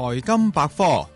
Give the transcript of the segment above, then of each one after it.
財金百科。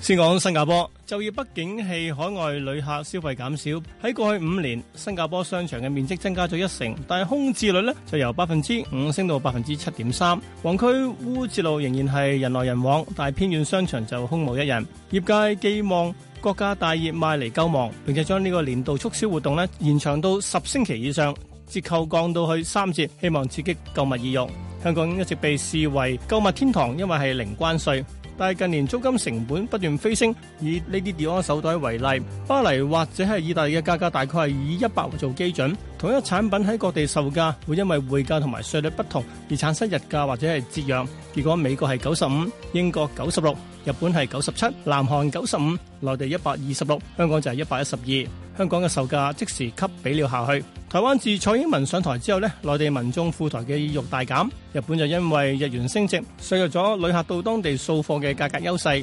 先講新加坡，就業不景氣，海外旅客消費減少。喺過去五年，新加坡商場嘅面積增加咗一成，但係空置率呢就由百分之五升到百分之七點三。旺區烏節路仍然係人來人往，但係偏遠商場就空無一人。業界寄望割價大熱賣嚟救亡，並且將呢個年度促銷活動呢延長到十星期以上，折扣降到去三折，希望刺激購物意欲。香港一直被視為購物天堂，因為係零關稅。但係近年租金成本不斷飛升，以呢啲 Dior 手袋為例，巴黎或者係意大利嘅價格大概係以一百為做基準，同一產品喺各地售價會因為匯價同埋稅率不同而產生日價或者係折讓。結果美國係九十五，英國九十六，日本係九十七，南韓九十五。內地一百二十六，香港就係一百一十二。香港嘅售價即時給比了下去。台灣自蔡英文上台之後咧，內地民眾赴台嘅意欲大減。日本就因為日元升值，削弱咗旅客到當地掃貨嘅價格優勢。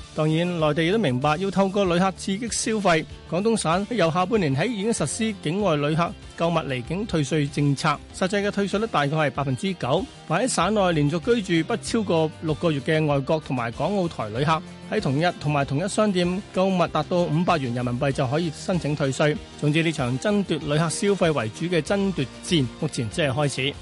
當然，內地亦都明白要透過旅客刺激消費。廣東省由下半年起已經實施境外旅客購物離境退稅政策，實際嘅退稅率大概係百分之九。凡喺省內連續居住不超過六個月嘅外國同埋港澳台旅客，喺同一同埋同一商店購物達到五百元人民幣就可以申請退稅。總之，呢場爭奪旅客消費為主嘅爭奪戰，目前只係開始。